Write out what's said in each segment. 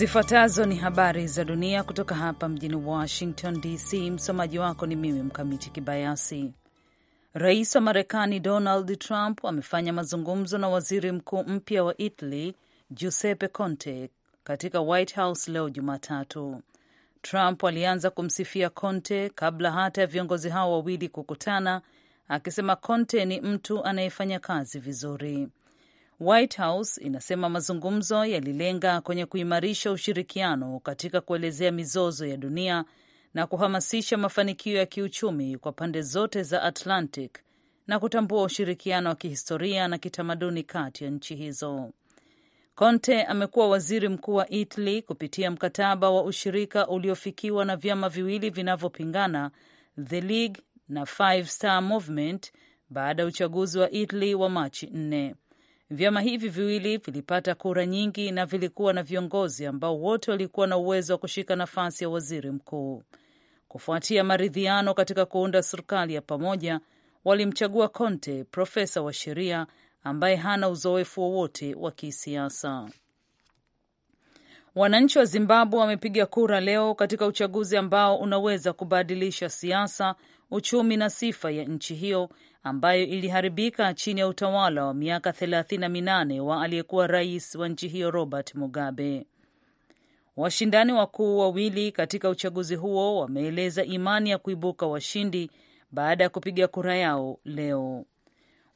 Zifuatazo ni habari za dunia kutoka hapa mjini Washington DC. Msomaji wako ni mimi Mkamiti Kibayasi. Rais wa Marekani Donald Trump amefanya mazungumzo na waziri mkuu mpya wa Italy Giuseppe Conte katika White House leo Jumatatu. Trump alianza kumsifia Conte kabla hata ya viongozi hao wawili kukutana, akisema Conte ni mtu anayefanya kazi vizuri. White House inasema mazungumzo yalilenga kwenye kuimarisha ushirikiano katika kuelezea mizozo ya dunia na kuhamasisha mafanikio ya kiuchumi kwa pande zote za Atlantic na kutambua ushirikiano wa kihistoria na kitamaduni kati ya nchi hizo. Conte amekuwa waziri mkuu wa Italy kupitia mkataba wa ushirika uliofikiwa na vyama viwili vinavyopingana, The League na Five Star Movement baada ya uchaguzi wa Italy wa Machi nne. Vyama hivi viwili vilipata kura nyingi na vilikuwa na viongozi ambao wote walikuwa na uwezo wa kushika nafasi ya waziri mkuu. Kufuatia maridhiano katika kuunda serikali ya pamoja, walimchagua Conte, profesa wa sheria ambaye hana uzoefu wowote wa kisiasa. Wananchi wa Zimbabwe wamepiga kura leo katika uchaguzi ambao unaweza kubadilisha siasa, uchumi na sifa ya nchi hiyo ambayo iliharibika chini ya utawala wa miaka 38 wa aliyekuwa rais wa nchi hiyo Robert Mugabe. Washindani wakuu wawili katika uchaguzi huo wameeleza imani ya kuibuka washindi baada ya kupiga kura yao leo.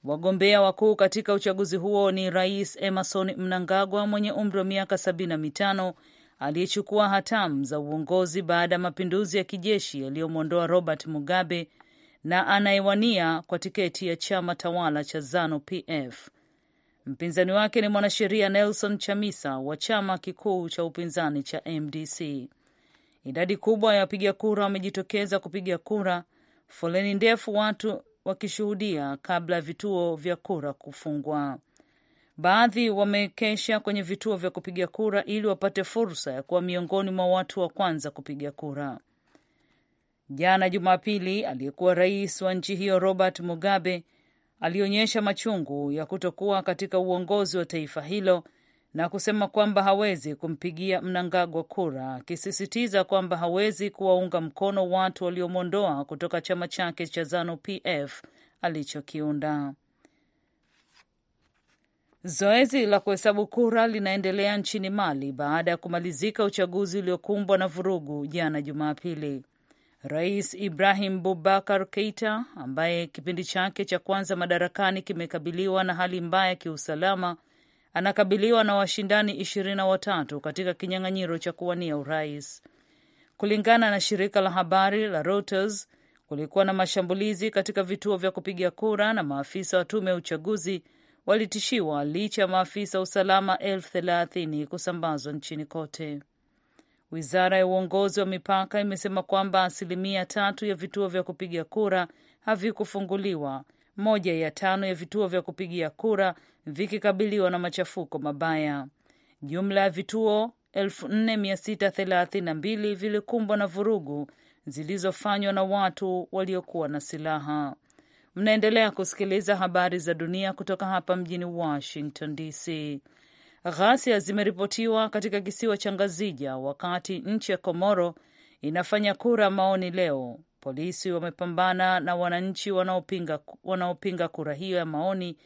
Wagombea wakuu katika uchaguzi huo ni Rais Emerson Mnangagwa mwenye umri wa miaka 75 aliyechukua hatamu za uongozi baada ya mapinduzi ya kijeshi yaliyomwondoa Robert Mugabe na anayewania kwa tiketi ya chama tawala cha Zanu PF. Mpinzani wake ni mwanasheria Nelson Chamisa wa chama kikuu cha upinzani cha MDC. Idadi kubwa ya wapiga kura wamejitokeza kupiga kura, foleni ndefu watu wakishuhudia kabla ya vituo vya kura kufungwa. Baadhi wamekesha kwenye vituo vya kupiga kura ili wapate fursa ya kuwa miongoni mwa watu wa kwanza kupiga kura. Jana Jumapili, aliyekuwa rais wa nchi hiyo Robert Mugabe alionyesha machungu ya kutokuwa katika uongozi wa taifa hilo na kusema kwamba hawezi kumpigia Mnangagwa kura, akisisitiza kwamba hawezi kuwaunga mkono watu waliomwondoa kutoka chama chake cha ZANU-PF alichokiunda. Zoezi la kuhesabu kura linaendelea nchini Mali baada ya kumalizika uchaguzi uliokumbwa na vurugu jana Jumapili. Rais Ibrahim Bubakar Keita ambaye kipindi chake cha kwanza madarakani kimekabiliwa na hali mbaya kiusalama anakabiliwa na washindani ishirini na watatu katika kinyang'anyiro cha kuwania urais. Kulingana na shirika la habari la Reuters, kulikuwa na mashambulizi katika vituo vya kupiga kura na maafisa wa tume ya uchaguzi walitishiwa licha ya maafisa usalama elfu thelathini kusambazwa nchini kote. Wizara ya uongozi wa mipaka imesema kwamba asilimia tatu ya vituo vya kupiga kura havikufunguliwa, moja ya tano ya vituo vya kupigia kura vikikabiliwa na machafuko mabaya. Jumla ya vituo 4632 vilikumbwa na vurugu zilizofanywa na watu waliokuwa na silaha. Mnaendelea kusikiliza habari za dunia kutoka hapa mjini Washington DC. Ghasia zimeripotiwa katika kisiwa cha Ngazija wakati nchi ya Komoro inafanya kura maoni leo. Polisi wamepambana na wananchi wanaopinga, wanaopinga kura hiyo ya maoni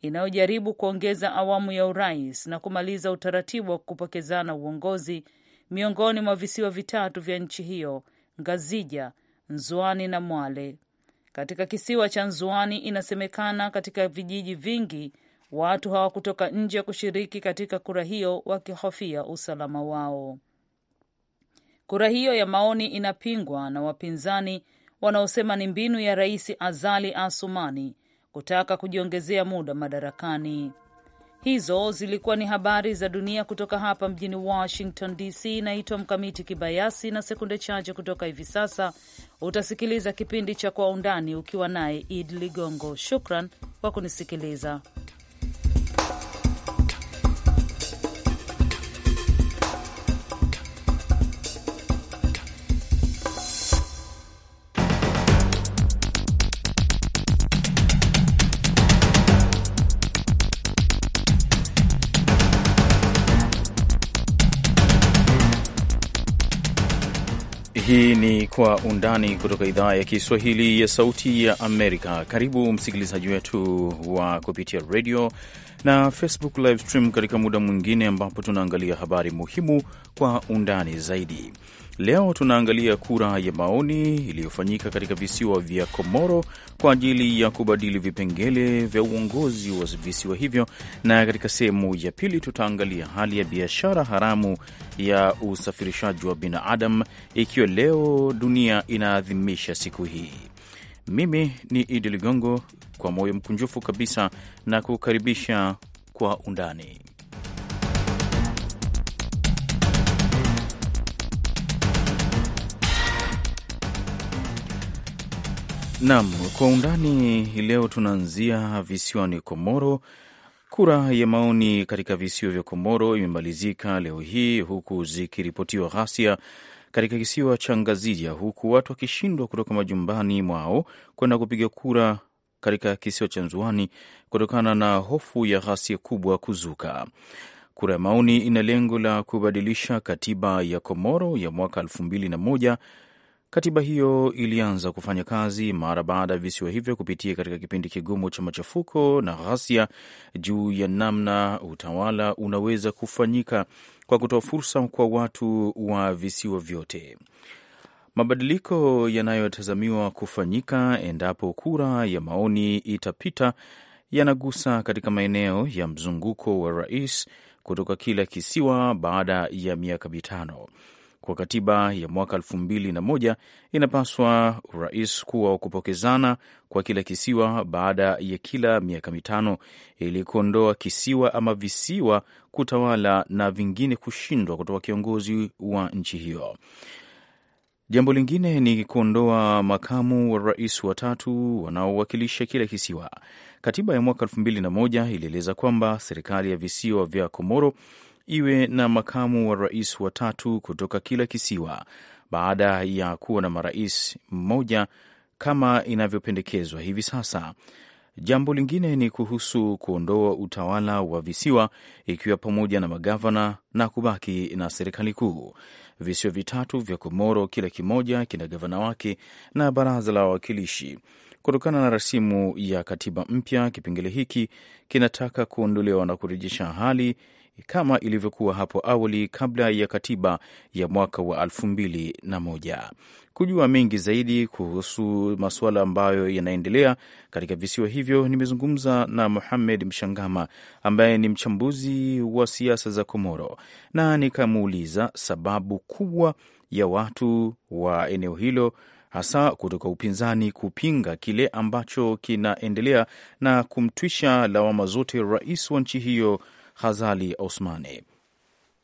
inayojaribu kuongeza awamu ya urais na kumaliza utaratibu wa kupokezana uongozi miongoni mwa visiwa vitatu vya nchi hiyo, Ngazija, Nzwani na Mwale. Katika kisiwa cha Nzwani, inasemekana katika vijiji vingi Watu hawakutoka nje kushiriki katika kura hiyo wakihofia usalama wao. Kura hiyo ya maoni inapingwa na wapinzani wanaosema ni mbinu ya Rais Azali Asumani kutaka kujiongezea muda madarakani. Hizo zilikuwa ni habari za dunia kutoka hapa mjini Washington DC. Naitwa Mkamiti Kibayasi, na sekunde chache kutoka hivi sasa utasikiliza kipindi cha Kwa Undani ukiwa naye id Ligongo. Shukran kwa kunisikiliza. Kwa Undani kutoka idhaa ya Kiswahili ya Sauti ya Amerika. Karibu msikilizaji wetu wa kupitia radio na Facebook live stream katika muda mwingine ambapo tunaangalia habari muhimu kwa undani zaidi. Leo tunaangalia kura ya maoni iliyofanyika katika visiwa vya Komoro kwa ajili ya kubadili vipengele vya uongozi wa visiwa hivyo, na katika sehemu ya pili tutaangalia hali ya biashara haramu ya usafirishaji wa binadamu, ikiwa leo dunia inaadhimisha siku hii. Mimi ni Idi Ligongo, kwa moyo mkunjufu kabisa na kukaribisha kwa undani Naam, kwa undani leo tunaanzia visiwani Komoro. Kura ya maoni katika visiwa vya Komoro imemalizika leo hii huku zikiripotiwa ghasia katika kisiwa cha Ngazija, huku watu wakishindwa kutoka majumbani mwao kwenda kupiga kura katika kisiwa cha Nzwani kutokana na hofu ya ghasia kubwa kuzuka. Kura ya maoni ina lengo la kubadilisha katiba ya Komoro ya mwaka elfu mbili na moja Katiba hiyo ilianza kufanya kazi mara baada ya visiwa hivyo kupitia katika kipindi kigumu cha machafuko na ghasia juu ya namna utawala unaweza kufanyika kwa kutoa fursa kwa watu wa visiwa vyote. Mabadiliko yanayotazamiwa kufanyika endapo kura ya maoni itapita yanagusa katika maeneo ya mzunguko wa rais kutoka kila kisiwa baada ya miaka mitano kwa katiba ya mwaka elfu mbili na moja inapaswa rais kuwa wa kupokezana kwa kila kisiwa baada ya kila miaka mitano ili kuondoa kisiwa ama visiwa kutawala na vingine kushindwa kutoka kiongozi wa nchi hiyo. Jambo lingine ni kuondoa makamu wa rais watatu wanaowakilisha kila kisiwa. Katiba ya mwaka elfu mbili na moja ilieleza kwamba serikali ya visiwa vya Komoro iwe na makamu wa rais watatu kutoka kila kisiwa baada ya kuwa na marais mmoja kama inavyopendekezwa hivi sasa. Jambo lingine ni kuhusu kuondoa utawala wa visiwa ikiwa pamoja na magavana na kubaki na serikali kuu. Visiwa vitatu vya Komoro, kila kimoja kina gavana wake na baraza la wawakilishi. Kutokana na rasimu ya katiba mpya, kipengele hiki kinataka kuondolewa na kurejesha hali kama ilivyokuwa hapo awali kabla ya katiba ya mwaka wa elfu mbili na moja. Kujua mengi zaidi kuhusu masuala ambayo yanaendelea katika visiwa hivyo, nimezungumza na Muhamed Mshangama ambaye ni mchambuzi wa siasa za Komoro na nikamuuliza sababu kubwa ya watu wa eneo hilo hasa kutoka upinzani kupinga kile ambacho kinaendelea na kumtwisha lawama zote rais wa nchi hiyo Ghazali Osmani.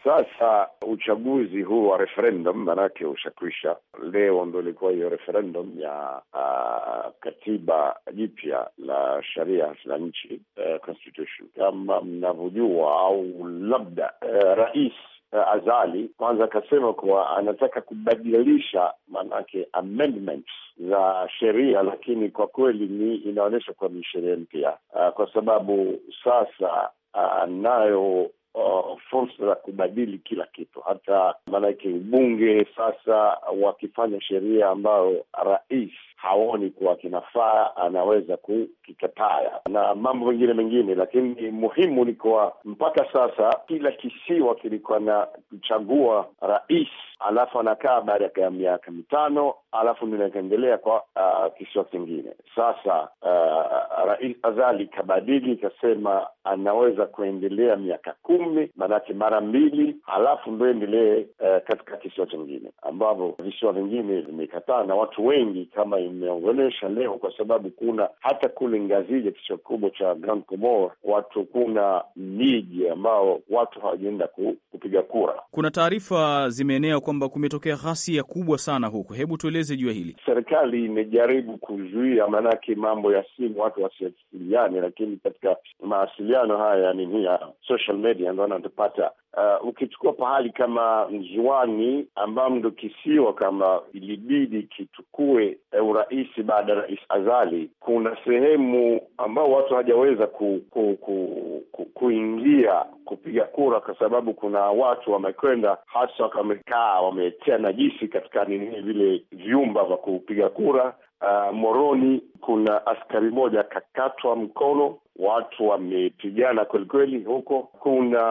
Sasa uchaguzi huu wa referendum manake ushakwisha. Leo ndo ilikuwa hiyo referendum ya uh, katiba jipya la sharia la nchi uh, constitution. Kama mnavyojua au labda uh, rais uh, Azali kwanza akasema kuwa anataka kubadilisha maanake amendments za sheria, lakini kwa kweli ni inaonyesha kuwa ni sheria mpya uh, kwa sababu sasa anayo ah, uh, ah, fursa za kubadili kila kitu, hata maanake ubunge sasa wakifanya sheria ambayo rais haoni kuwa kinafaa, anaweza kukikataya na mambo mengine mengine, lakini muhimu ni kuwa mpaka sasa kila kisiwa kilikuwa na kuchagua rais, alafu anakaa baada ya miaka mitano, alafu ndio inaendelea kwa uh, kisiwa kingine. Sasa uh, Rais Azali kabadili ikasema anaweza kuendelea miaka kumi, maanake mara mbili, alafu ndo endelee uh, katika kisiwa chingine, ambavyo visiwa vingine vimekataa na watu wengi kama umeongelesha leo, kwa sababu kuna hata kule Ngazija, kisiwa kikubwa cha Grand Comore, watu kuna miji ambao watu hawajaenda ku, kupiga kura. Kuna taarifa zimeenea kwamba kumetokea ghasia kubwa sana huku, hebu tueleze juu ya hili. Serikali imejaribu kuzuia, maanake mambo ya simu watu wasiasiliani lakini katika mawasiliano haya, yani, ya social media ndo anatupata Uh, ukichukua pahali kama Mzwani ambamo ndo kisiwa kama ilibidi kichukue eh, urais baada ya Rais Azali, kuna sehemu ambao watu hawajaweza ku, ku, ku, ku, kuingia kupiga kura kwa sababu kuna watu wamekwenda hasa wamekaa wametia najisi katika nini vile vyumba vya kupiga kura uh, Moroni kuna askari moja akakatwa mkono, watu wamepigana kwelikweli huko. Kuna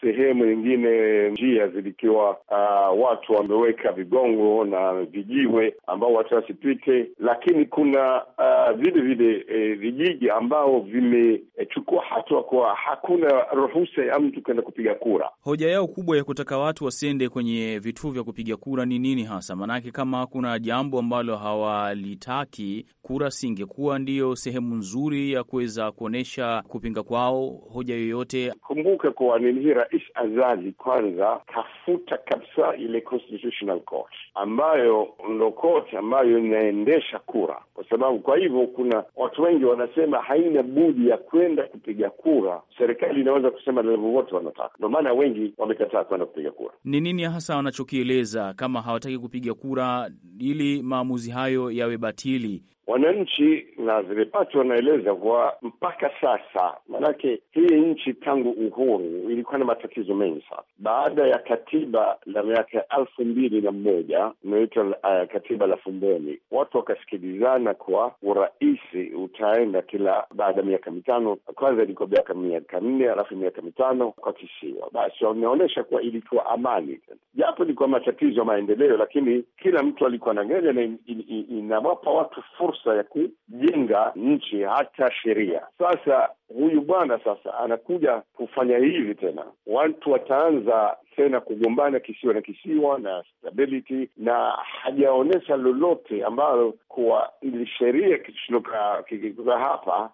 sehemu nyingine njia zilikiwa uh, watu wameweka vigongo na vijiwe ambao watu wasipite, lakini kuna uh, vile vile eh, vijiji ambao vimechukua eh, hatua kuwa hakuna ruhusa ya mtu kwenda kupiga kura. Hoja yao kubwa ya kutaka watu wasiende kwenye vituo vya kupiga kura ni nini hasa? Maanake kama kuna jambo ambalo hawa litaki kura singekuwa ndiyo sehemu nzuri ya kuweza kuonyesha kupinga kwao hoja yoyote. Kumbuke kuwa nini hii, Rais Azali kwanza tafuta kabisa ile Constitutional Court ambayo ndo koti ambayo inaendesha kura, kwa sababu kwa hivyo kuna watu wengi wanasema haina budi ya kwenda kupiga kura, serikali inaweza kusema lolote wanataka. Ndo maana wengi wamekataa kwenda kupiga kura. Ni nini hasa wanachokieleza kama hawataki kupiga kura ili maamuzi hayo yawe batili? Wananchi na Zebepati wanaeleza kuwa mpaka sasa, maanake hii nchi tangu uhuru ilikuwa na matatizo mengi sana. Baada ya katiba la miaka ya elfu mbili na mmoja inaitwa uh, katiba la Fumboni, watu wakasikilizana kwa urahisi utaenda kila baada ya miaka mitano. Kwanza ilikuwa miaka miaka nne, alafu miaka mitano kwa kisiwa. Basi wameonyesha kuwa ilikuwa amani, japo ilikuwa matatizo ya maendeleo, lakini kila mtu alikuwa na ngeja na inawapa watu fursa fursa ya kujenga nchi hata sheria. Sasa huyu bwana sasa anakuja kufanya hivi tena, watu wataanza tena kugombana kisiwa na kisiwa na stability, na hajaonyesha lolote ambalo kuwa ili sheria kikitoka hapa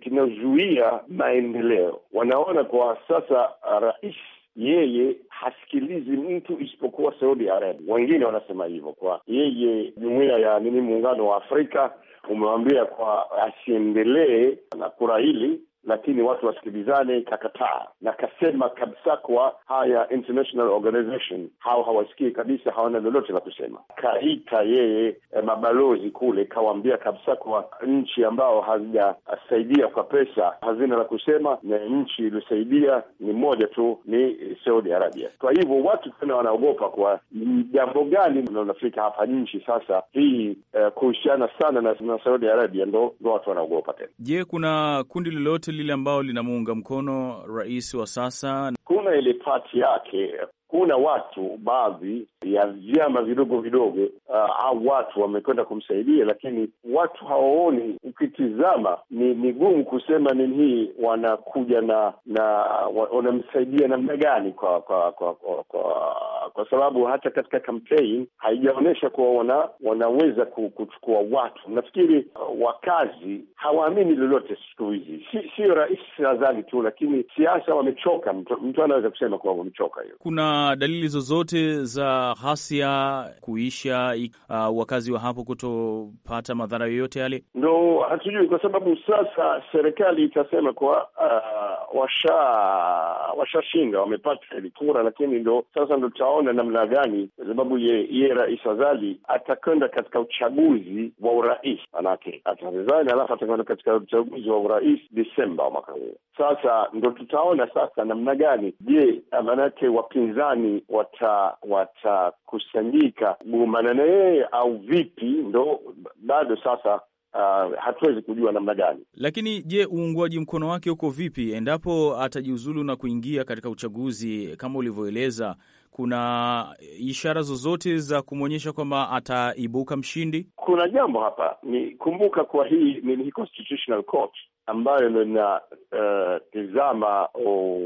kinazuia maendeleo. Wanaona kwa sasa rais yeye hasikilizi mtu isipokuwa Saudi Arabia. Wengine wanasema hivyo, kwa yeye jumuiya ya nini, muungano wa Afrika umewambia kwa asiendelee na kura hili lakini watu wasikilizane, kakataa na kasema kabisa kwa haya international organization hao hawasikii kabisa, hawana lolote la kusema. Kaita yeye eh, mabalozi kule, kawaambia kabisa kwa nchi ambao hazijasaidia kwa pesa, hazina la kusema, na nchi iliyosaidia ni moja tu, ni Saudi Arabia. Kwa hivyo watu tena wanaogopa kwa jambo gani linafika hapa nchi sasa hii, eh, kuhusiana sana na, na Saudi Arabia, ndo ndo watu wanaogopa tena. Je, kuna kundi lolote lile ambalo linamuunga mkono rais wa sasa? Kuna ile pati yake, kuna watu baadhi ya vyama vidogo vidogo uh, au watu wamekwenda kumsaidia, lakini watu hawaoni. Ukitizama ni migumu kusema nini hii wanakuja na na wanamsaidia namna gani kwa kwa kwa, kwa, kwa kwa sababu hata katika kampeni haijaonyesha kuwa wana, wanaweza kuchukua watu. Nafikiri uh, wakazi hawaamini lolote siku hizi, siyo rais nadhani tu, lakini siasa wamechoka. Mtu, mtu anaweza kusema kuwa wamechoka. Hiyo kuna dalili zozote za ghasia kuisha, uh, wakazi wa hapo kutopata madhara yoyote yale? Ndo hatujui, kwa sababu sasa serikali itasema kuwa uh, washashinda washa wamepata ile kura, lakini ndo sasa ndo tutaona namna gani, kwa sababu ye, ye Rais Azali atakwenda katika uchaguzi wa urais, manake atazani, alafu atakwenda katika uchaguzi wa urais Desemba mwaka huu. Sasa ndo tutaona sasa namna gani, je, manake wapinzani watakusanyika gumana na yeye au vipi? Ndo bado sasa uh, hatuwezi kujua namna gani. Lakini je, uungwaji mkono wake uko vipi endapo atajiuzulu na kuingia katika uchaguzi kama ulivyoeleza? Kuna ishara zozote za kumwonyesha kwamba ataibuka mshindi? Kuna jambo hapa, ni kumbuka kuwa hii ni, ni Constitutional Court ambayo ndo inatizama uh,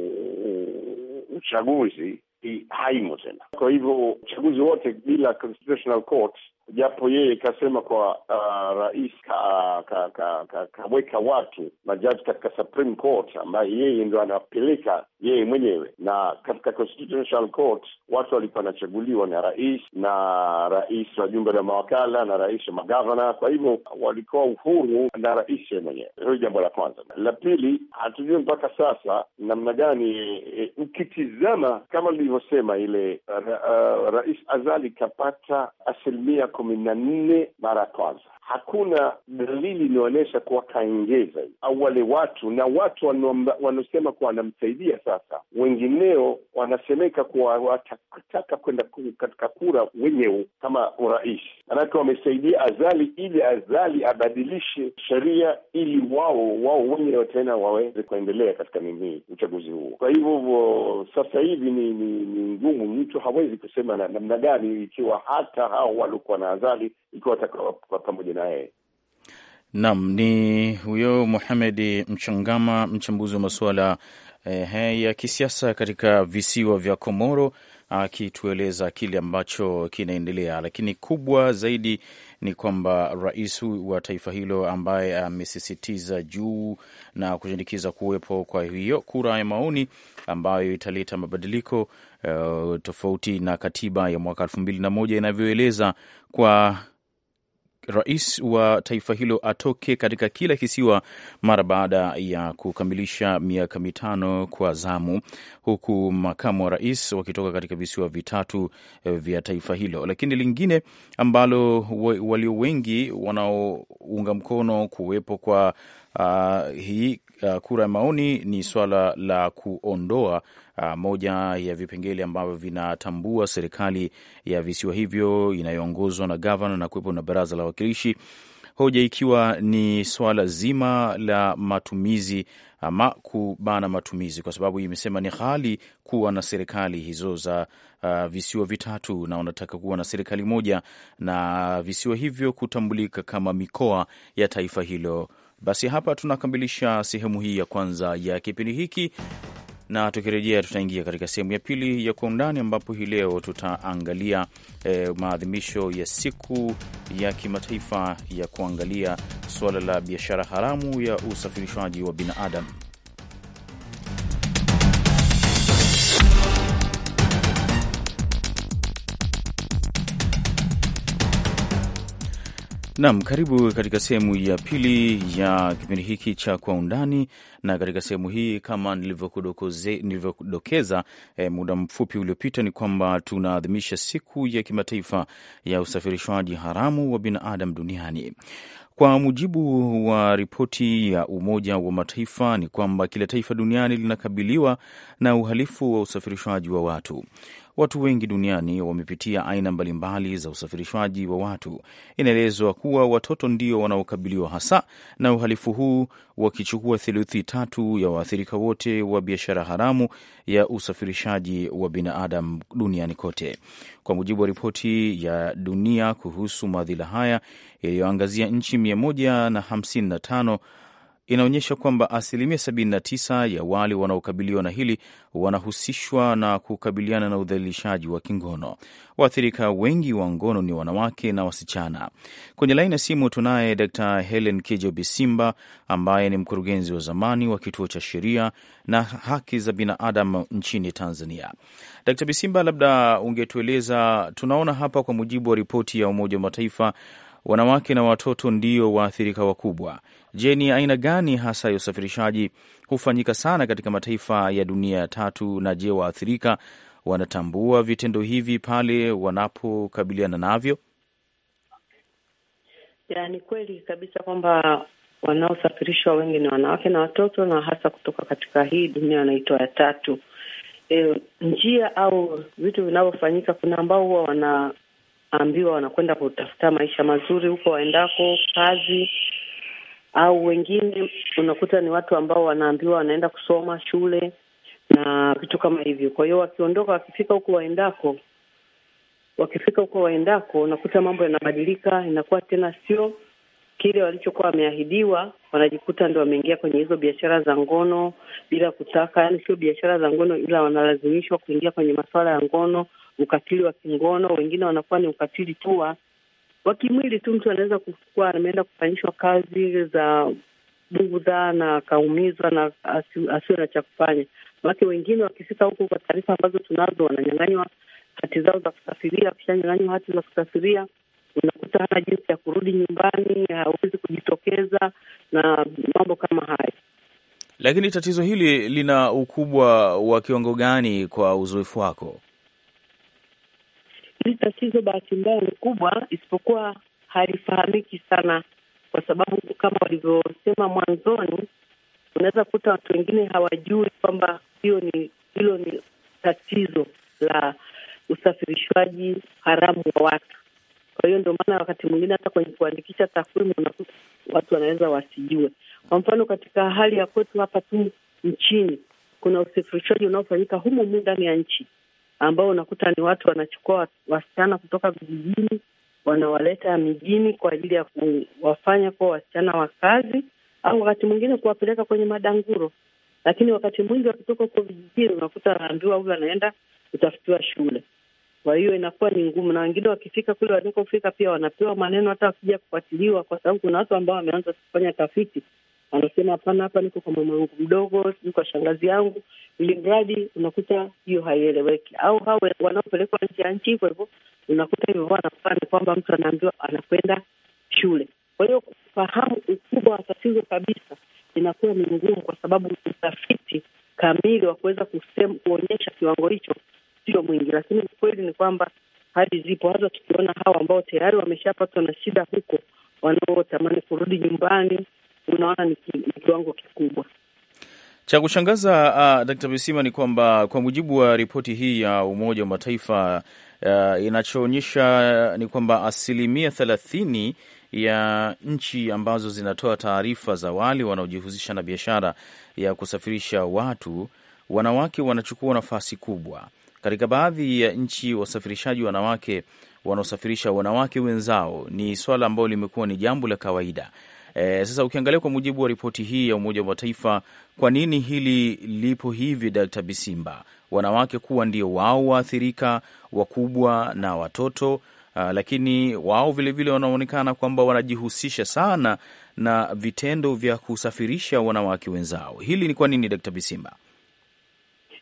uchaguzi haimo tena. Kwa hivyo uchaguzi wote bila Constitutional Court japo yeye kasema kwa uh, rais kaweka ka, ka, ka, ka watu majaji katika Supreme Court ambaye yeye ndo anapeleka yeye mwenyewe, na katika Constitutional Court watu walikuwa wanachaguliwa na rais na rais wa jumba la mawakala na rais wa magavana, kwa hivyo walikuwa uhuru na rais mwenyewe. hiyo jambo la kwanza. La pili, hatujui mpaka sasa namna gani e, ukitizama kama lilivyosema ile uh, ra, ra, uh, rais Azali kapata asilimia kumi na nne mara ya kwanza. hakuna dalili inaonyesha kuwa kaengeza au wale watu na watu wanaosema kuwa wanamsaidia sasa, wengineo wanasemeka kuwa watataka kwenda katika kura wenyewe kama urais, manake wamesaidia Azali ili Azali abadilishe sheria ili wao wao wenyewe tena waweze kuendelea katika nini uchaguzi huo. Kwa hivyo sasa hivi ni ni, ni ngumu, mtu hawezi kusema na namna gani, ikiwa hata hao waliokuwa na Azali ikiwa watakuwa pamoja naye. Naam, ni huyo Muhamedi Mchangama, mchambuzi wa masuala eh, ya kisiasa katika visiwa vya Komoro akitueleza kile ambacho kinaendelea, lakini kubwa zaidi ni kwamba rais wa taifa hilo ambaye amesisitiza juu na kushindikiza kuwepo kwa hiyo kura ya maoni ambayo italeta mabadiliko uh, tofauti na katiba ya mwaka elfu mbili na moja inavyoeleza kwa rais wa taifa hilo atoke katika kila kisiwa mara baada ya kukamilisha miaka mitano kwa zamu, huku makamu wa rais wakitoka katika visiwa vitatu eh, vya taifa hilo. Lakini lingine ambalo walio wengi wanaounga mkono kuwepo kwa uh, hii uh, kura ya maoni ni swala la kuondoa uh, moja ya vipengele ambavyo vinatambua serikali ya visiwa hivyo inayoongozwa na gavana na kuwepo na baraza la wawakilishi, hoja ikiwa ni swala zima la matumizi ama kubana matumizi, kwa sababu imesema ni hali kuwa na serikali hizo za uh, visiwa vitatu, na wanataka kuwa na serikali moja na visiwa hivyo kutambulika kama mikoa ya taifa hilo basi hapa tunakamilisha sehemu hii ya kwanza ya kipindi hiki, na tukirejea tutaingia katika sehemu ya pili ya Kwa Undani, ambapo hii leo tutaangalia eh, maadhimisho ya siku ya kimataifa ya kuangalia suala la biashara haramu ya usafirishaji wa binadamu. Nam, karibu katika sehemu ya pili ya kipindi hiki cha Kwa Undani, na katika sehemu hii kama nilivyodokeza eh, muda mfupi uliopita ni kwamba tunaadhimisha siku ya kimataifa ya usafirishwaji haramu wa binadamu duniani. Kwa mujibu wa ripoti ya Umoja wa Mataifa ni kwamba kila taifa duniani linakabiliwa na uhalifu wa usafirishwaji wa watu. Watu wengi duniani wamepitia aina mbalimbali za usafirishwaji wa watu. Inaelezwa kuwa watoto ndio wanaokabiliwa hasa na uhalifu huu, wakichukua theluthi tatu ya waathirika wote wa biashara haramu ya usafirishaji wa binadamu duniani kote, kwa mujibu wa ripoti ya dunia kuhusu maadhila haya yaliyoangazia nchi 155 inaonyesha kwamba asilimia 79 ya wale wanaokabiliwa na hili wanahusishwa na kukabiliana na udhalilishaji wa kingono. Waathirika wengi wa ngono ni wanawake na wasichana. Kwenye laini ya simu tunaye Dr. Helen Kijo Bisimba ambaye ni mkurugenzi wa zamani wa kituo cha sheria na haki za binadamu nchini Tanzania. Dr. Bisimba, labda ungetueleza, tunaona hapa kwa mujibu wa ripoti ya Umoja wa Mataifa wanawake na watoto ndio waathirika wakubwa. Je, ni aina gani hasa ya usafirishaji hufanyika sana katika mataifa ya dunia ya tatu, na je, waathirika wanatambua vitendo hivi pale wanapokabiliana navyo? Ya, ni kweli kabisa kwamba wanaosafirishwa wengi ni wanawake na watoto, na hasa kutoka katika hii dunia wanaitwa ya tatu. E, njia au vitu vinavyofanyika, kuna ambao huwa wana ambiwa wanakwenda kutafuta maisha mazuri huko waendako kazi, au wengine unakuta ni watu ambao wanaambiwa wanaenda kusoma shule na vitu kama hivyo. Kwa hiyo wakiondoka, wakifika huko waendako, wakifika huko waendako, unakuta mambo yanabadilika, inakuwa tena sio kile walichokuwa wameahidiwa, wanajikuta ndo wameingia kwenye hizo biashara za ngono bila kutaka. Yani sio biashara za ngono, ila wanalazimishwa kuingia kwenye masuala ya ngono ukatili wa kingono, wengine wanakuwa ni ukatili tu wa kimwili tu. Mtu anaweza kuwa ameenda kufanyishwa kazi za budha na akaumizwa na asiwe na cha kufanya. manake wengine wakifika huku, kwa taarifa ambazo tunazo, wananyang'anywa hati zao za kusafiria. Akishanyang'anywa hati za kusafiria, unakuta hana jinsi ya kurudi nyumbani, hawezi kujitokeza na mambo kama haya. Lakini tatizo hili lina ukubwa wa kiwango gani kwa uzoefu wako? Hili tatizo bahati mbaya ni kubwa, isipokuwa halifahamiki sana, kwa sababu kama walivyosema mwanzoni, unaweza kukuta watu wengine hawajui kwamba hiyo ni hilo ni tatizo la usafirishwaji haramu wa watu. Kwa hiyo ndio maana wakati mwingine hata kwenye kuandikisha takwimu unakuta watu wanaweza wasijue. Kwa mfano, katika hali ya kwetu hapa tu nchini kuna usafirishaji unaofanyika humu humu ndani ya nchi ambao unakuta ni watu wanachukua wasichana kutoka vijijini wanawaleta mijini kwa ajili ya kuwafanya kuwa wasichana wa kazi, au wakati mwingine kuwapeleka kwenye madanguro. Lakini wakati mwingi wakitoka huko vijijini, unakuta wanaambiwa huyu anaenda kutafutiwa shule, kwa hiyo inakuwa ni ngumu. Na wengine wakifika kule wanakofika, pia wanapewa maneno hata wakija kufuatiliwa, kwa sababu kuna watu ambao wameanza kufanya tafiti anasema hapana, hapa niko kwa mama yangu mdogo, sijui kwa shangazi yangu, ili mradi unakuta hiyo haieleweki. Au hao wanaopelekwa nje ya nchi hivyo hivyo, unakuta hivyo ni kwamba mtu anaambiwa anakwenda shule. Kwa hiyo kufahamu ukubwa wa tatizo kabisa inakuwa ni ngumu, kwa sababu utafiti kamili wa kuweza kuonyesha kiwango hicho sio mwingi, lakini ukweli ni kwamba hadi zipo, hata tukiona hawa ambao tayari wameshapatwa na shida huko, wanaotamani kurudi nyumbani unaona ni kiwango kikubwa cha kushangaza. Uh, Dkt. Bisima, ni kwamba kwa mujibu wa ripoti hii ya Umoja wa Mataifa uh, inachoonyesha ni kwamba asilimia thelathini ya nchi ambazo zinatoa taarifa za wale wanaojihusisha na biashara ya kusafirisha watu, wanawake wanachukua nafasi kubwa. Katika baadhi ya nchi, wasafirishaji wanawake wanaosafirisha wanawake wenzao ni swala ambalo limekuwa ni jambo la kawaida. E, sasa ukiangalia kwa mujibu wa ripoti hii ya Umoja wa Mataifa, kwa nini hili lipo hivi, Dkt. Bisimba? Wanawake kuwa ndio wao waathirika wakubwa na watoto Uh, lakini wao vilevile wanaonekana kwamba wanajihusisha sana na vitendo vya kusafirisha wanawake wenzao. Hili ni kwa nini, Dkt. Bisimba?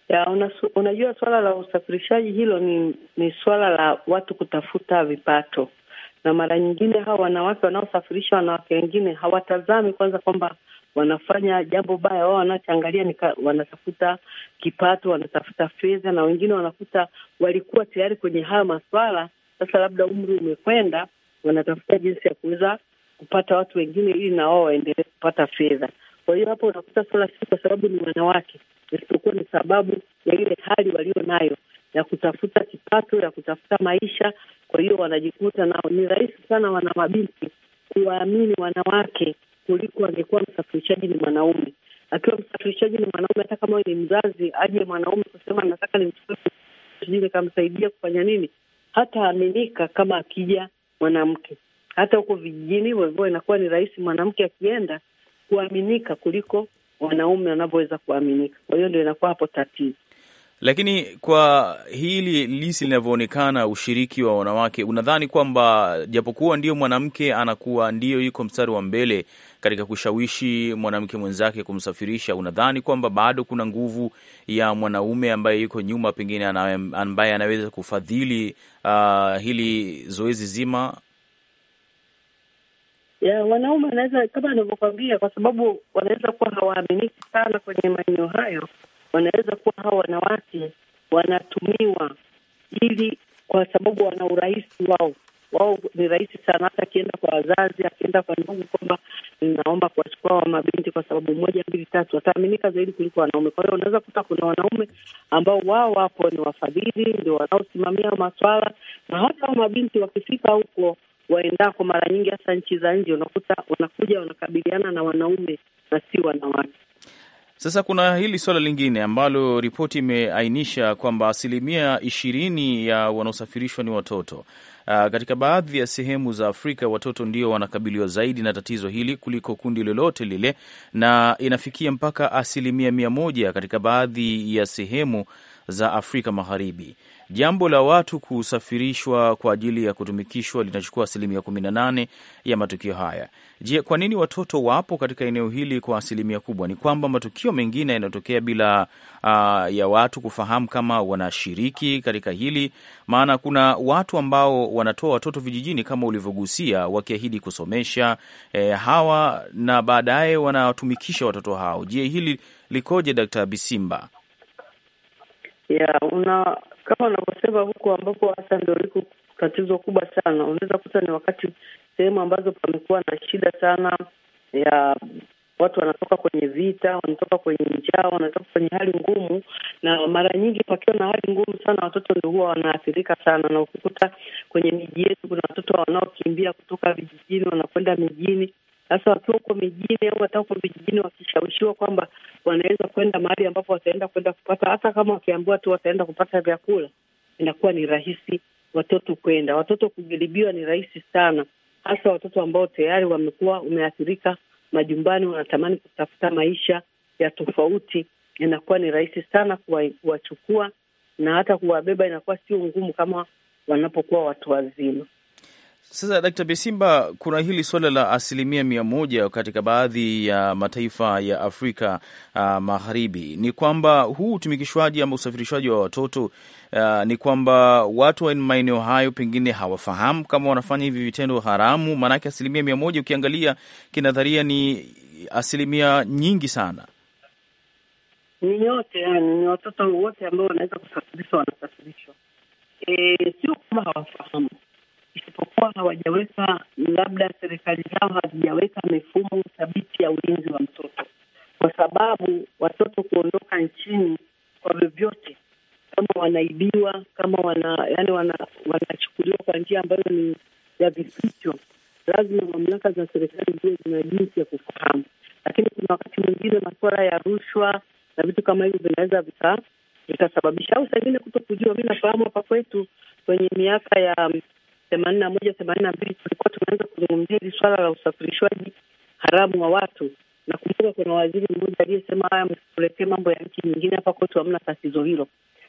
Ya, unasu, unajua swala la usafirishaji hilo ni, ni swala la watu kutafuta vipato na mara nyingine hawa wanawake wanaosafirisha wanawake wengine hawatazami kwanza kwamba wanafanya jambo baya. Wao wanachoangalia ni wanatafuta kipato, wanatafuta fedha, na wengine wanakuta walikuwa tayari kwenye haya maswala, sasa labda umri umekwenda, wanatafuta jinsi ya kuweza kupata watu wengine ili na wao waendelee kupata fedha. Kwa hiyo hapo unakuta swala si kwa sababu ni wanawake, isipokuwa ni sababu ya ile hali walio nayo ya kutafuta kipato, ya kutafuta maisha, kwa hiyo wanajikuta nao ni rahisi sana wana mabinti kuwaamini wanawake kuliko angekuwa msafirishaji ni mwanaume. Akiwa msafirishaji ni mwanaume, hata kama ni mzazi, aje mwanaume kusema nataka sijui nikamsaidia kufanya nini, hata aminika kama akija mwanamke. Hata huko vijijini hivyo inakuwa ni rahisi mwanamke akienda kuaminika kuliko wanaume wanavyoweza kuaminika. Kwa hiyo ndio inakuwa hapo tatizo. Lakini kwa hili lisi linavyoonekana, ushiriki wa wanawake, unadhani kwamba japokuwa ndiyo mwanamke anakuwa ndiyo yuko mstari wa mbele katika kushawishi mwanamke mwenzake kumsafirisha, unadhani kwamba bado kuna nguvu ya mwanaume ambaye yuko nyuma, pengine ambaye anaweza kufadhili uh, hili zoezi zima? Ya, wanaume wanaweza kama anavyokwambia, kwa sababu wanaweza kuwa hawaaminiki sana kwenye maeneo hayo wanaweza kuwa hawa wanawake wanatumiwa ili, kwa sababu wana urahisi wao wao ni rahisi sana, hata akienda kwa wazazi, akienda kwa ndugu kwamba ninaomba kuwachukua wa mabinti kwa sababu moja mbili tatu, wataaminika zaidi kuliko wanaume. Kwa hiyo unaweza kuta kuna wanaume ambao wao wapo ni wafadhili, ndio wanaosimamia maswala, na hata wa mabinti wakifika huko waendako, mara nyingi hasa nchi za nje, unakuta wanakuja wanakabiliana na wanaume na si wanawake. Sasa kuna hili swala lingine ambalo ripoti imeainisha kwamba asilimia ishirini ya wanaosafirishwa ni watoto. Uh, katika baadhi ya sehemu za Afrika watoto ndio wanakabiliwa zaidi na tatizo hili kuliko kundi lolote lile, na inafikia mpaka asilimia mia moja katika baadhi ya sehemu za Afrika Magharibi. Jambo la watu kusafirishwa kwa ajili ya kutumikishwa linachukua asilimia 18 ya matukio haya. Je, kwa nini watoto wapo katika eneo hili kwa asilimia kubwa? Ni kwamba matukio mengine yanayotokea bila uh, ya watu kufahamu kama wanashiriki katika hili. Maana kuna watu ambao wanatoa watoto vijijini kama ulivyogusia, wakiahidi kusomesha eh, hawa na baadaye wanawatumikisha watoto hao. Je, hili likoje, Dkt. Bisimba? Yeah, una kama unavyosema huku ambapo hasa ndio liko tatizo kubwa sana. Unaweza kuta ni wakati sehemu ambazo pamekuwa na shida sana ya watu wanatoka kwenye vita, wanatoka kwenye njaa, wanatoka kwenye hali ngumu, na mara nyingi pakiwa na hali ngumu sana, watoto ndio huwa wanaathirika sana, na ukikuta kwenye miji yetu kuna watoto wanaokimbia kutoka vijijini wanakwenda mijini sasa wakiwa huko mijini au hata huko vijijini, wakishawishiwa kwamba wanaweza kwenda mahali ambapo wataenda kwenda kupata, hata kama wakiambiwa tu wataenda kupata vyakula, inakuwa ni rahisi watoto kwenda. Watoto kujaribiwa ni rahisi sana, hasa watoto ambao tayari wamekuwa umeathirika majumbani, wanatamani kutafuta maisha ya tofauti, inakuwa ni rahisi sana kuwachukua na hata kuwabeba, inakuwa sio ngumu kama wanapokuwa watu wazima. Sasa Dkt. Besimba, kuna hili suala la asilimia mia moja katika baadhi ya mataifa ya Afrika uh, Magharibi, ni kwamba huu utumikishwaji ama usafirishwaji wa watoto uh, ni kwamba watu wa maeneo hayo pengine hawafahamu kama wanafanya hivi vitendo haramu. Maanake asilimia mia moja ukiangalia kinadharia ni asilimia nyingi sana. Ni yote yani, ni watoto wote ambao wanaweza kusafirishwa wanasafirishwa, e, sio kama hawafahamu isipokuwa hawajaweka labda serikali zao hazijaweka mifumo thabiti ya ulinzi wa mtoto, kwa sababu watoto kuondoka nchini kwa vyovyote, kama wanaibiwa, kama wana yani wanachukuliwa kwa njia ambayo ni ya vificho, lazima mamlaka za serikali ziwe zina jinsi ya kufahamu. Lakini kuna wakati mwingine masuala ya rushwa na vitu kama hivyo vinaweza vikasababisha, au sengine kuto kujua. Mi nafahamu hapa kwetu kwenye miaka ya themanini na moja themanini na mbili tulikuwa tumeanza kuzungumzia hili swala la usafirishwaji haramu wa watu. Nakumbuka kuna waziri mmoja aliyesema, haya msituletee mambo ya nchi nyingine, hapa kwetu hamna tatizo hilo,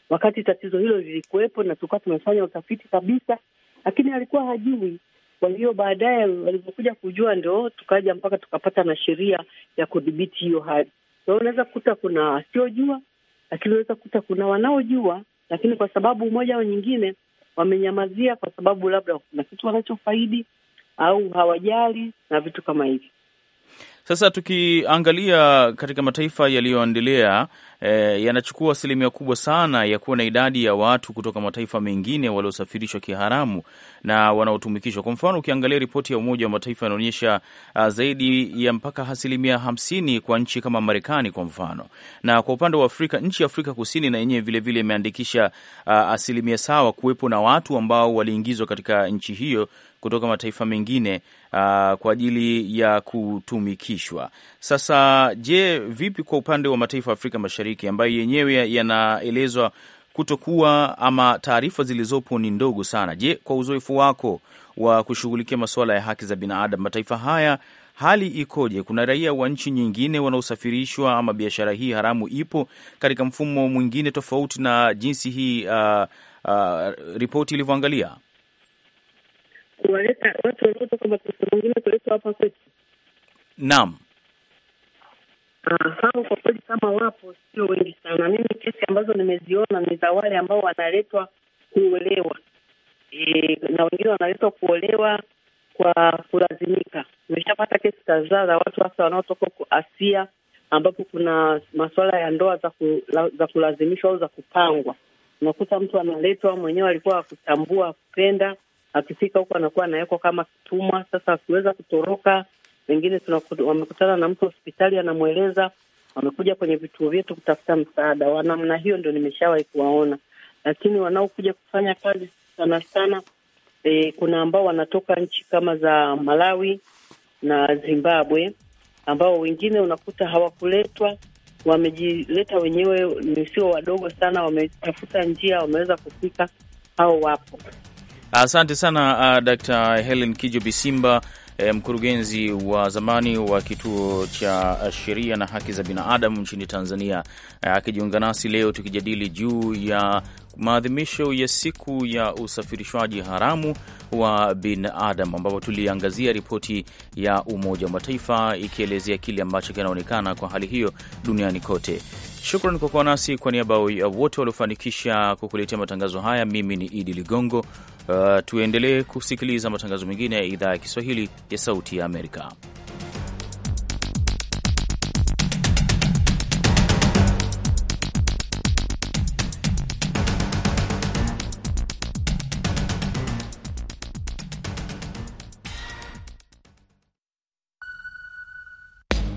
wakati tatizo hilo lilikuwepo na tulikuwa tumefanya utafiti kabisa, lakini alikuwa hajui. Kwa hiyo baadaye walivyokuja kujua, ndo tukaja mpaka tukapata na sheria ya kudhibiti hiyo hali. Kwa hiyo unaweza kukuta kuna wasiojua, lakini unaweza kukuta kuna wanaojua, lakini kwa sababu moja au nyingine wamenyamazia kwa sababu labda kuna kitu wanachofaidi au hawajali na vitu kama hivi. Sasa tukiangalia katika mataifa yaliyoendelea e, yanachukua asilimia kubwa sana ya kuwa na idadi ya watu kutoka mataifa mengine waliosafirishwa kiharamu na wanaotumikishwa. Kwa mfano, ukiangalia ripoti ya Umoja wa Mataifa inaonyesha zaidi ya mpaka asilimia hamsini kwa nchi kama Marekani kwa mfano, na kwa upande wa Afrika, nchi ya Afrika Kusini na yenyewe vilevile imeandikisha asilimia sawa, kuwepo na watu ambao waliingizwa katika nchi hiyo kutoka mataifa mengine uh, kwa ajili ya kutumikishwa. Sasa je, vipi kwa upande wa mataifa ya Afrika Mashariki? Mashariki ambayo yenyewe yanaelezwa kutokuwa ama taarifa zilizopo ni ndogo sana. Je, kwa uzoefu wako wa kushughulikia masuala ya haki za binadamu, mataifa haya hali ikoje? Kuna raia wa nchi nyingine wanaosafirishwa ama biashara hii haramu ipo katika mfumo mwingine tofauti na jinsi hii uh, uh, ripoti ilivyoangalia kuwaleta watu wanaotoka mengine kuletwa hapa kwetu? Naam hao kwa kweli, kama wapo sio wengi sana. Mimi kesi ambazo nimeziona ni za wale ambao wanaletwa kuolewa e, na wengine wanaletwa kuolewa kwa kulazimika. Nimeshapata kesi kadhaa za watu hasa wanaotoka huko Asia ambapo kuna masuala ya ndoa za, ku, za kulazimishwa au za kupangwa. Unakuta mtu analetwa mwenyewe, alikuwa akutambua akupenda, akifika huko anakuwa anawekwa kama kitumwa. Sasa akiweza kutoroka wengine wamekutana na mtu hospitali anamweleza, wamekuja kwenye vituo vyetu kutafuta msaada wa namna hiyo, ndio nimeshawahi kuwaona. Lakini wanaokuja kufanya kazi sana sana e, kuna ambao wanatoka nchi kama za Malawi na Zimbabwe, ambao wengine unakuta hawakuletwa, wamejileta wenyewe, ni sio wadogo sana, wametafuta njia, wameweza kufika, au wapo. Asante sana uh, Dr. Helen Kijo Bisimba e, mkurugenzi wa zamani wa kituo cha sheria na haki za binadamu nchini Tanzania, e, akijiunga nasi leo tukijadili juu ya maadhimisho ya siku ya usafirishwaji haramu wa binadamu, ambapo tuliangazia ripoti ya Umoja wa Mataifa ikielezea kile ambacho kinaonekana kwa hali hiyo duniani kote. Shukran kwa kuwa nasi. Kwa niaba ya wote waliofanikisha kukuletea matangazo haya, mimi ni Idi Ligongo. Uh, tuendelee kusikiliza matangazo mengine ya idhaa ya Kiswahili ya Sauti ya Amerika.